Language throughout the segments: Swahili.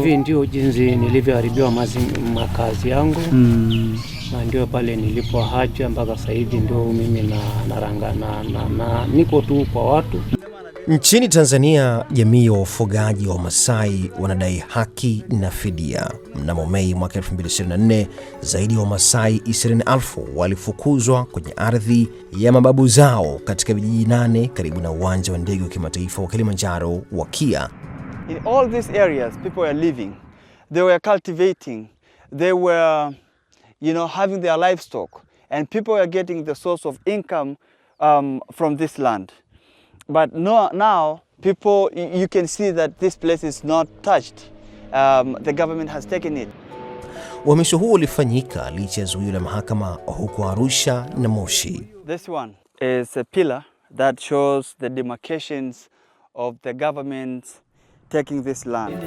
hivi ndio jinsi nilivyoharibiwa makazi yangu mm. na ndio pale nilipo haja mpaka sasa hivi ndio mimi na, naranga, na, na, na niko tu kwa watu. Nchini Tanzania, jamii ya wafugaji wa Wamasai wanadai haki na fidia. Mnamo Mei mwaka 2024 zaidi ya Wamasai 20,000 walifukuzwa kwenye ardhi ya mababu zao katika vijiji nane karibu na uwanja wa ndege wa kimataifa wa Kilimanjaro wa KIA in all these areas people were living they were cultivating they were you know having their livestock and people were getting the source of income um, from this land but no, now people you can see that this place is not touched um, the government has taken it uhamisho huo ulifanyika licha ya zuio la mahakama huko Arusha na Moshi this one is a pillar that shows the demarcations of the government's taking this land.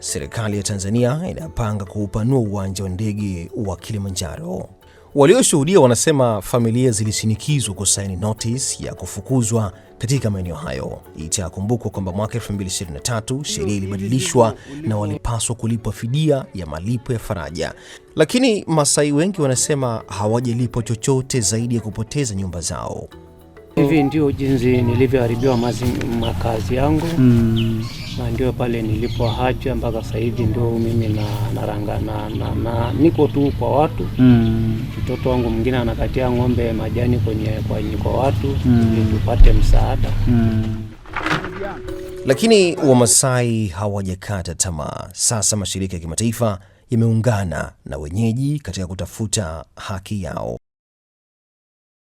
Serikali ya Tanzania inapanga kuupanua uwanja wa ndege wa Kilimanjaro. Walioshuhudia wanasema familia zilishinikizwa kusaini notice ya kufukuzwa katika maeneo hayo. Itakumbukwa kwamba mwaka 2023 sheria ilibadilishwa na walipaswa kulipwa fidia ya malipo ya faraja, lakini Masai wengi wanasema hawajalipwa chochote zaidi ya kupoteza nyumba zao. Hivi ndio jinsi nilivyoharibiwa makazi yangu mm ndio pale nilipoacha mpaka sasa hivi, ndio mimi na naranga na, na, na niko tu kwa watu mm. Mtoto wangu mwingine anakatia ng'ombe majani kwenye kwa kwa watu mm. tupate msaada mm. Lakini Wamasai hawajakata tamaa. Sasa mashirika ya kimataifa yameungana na wenyeji katika kutafuta haki yao.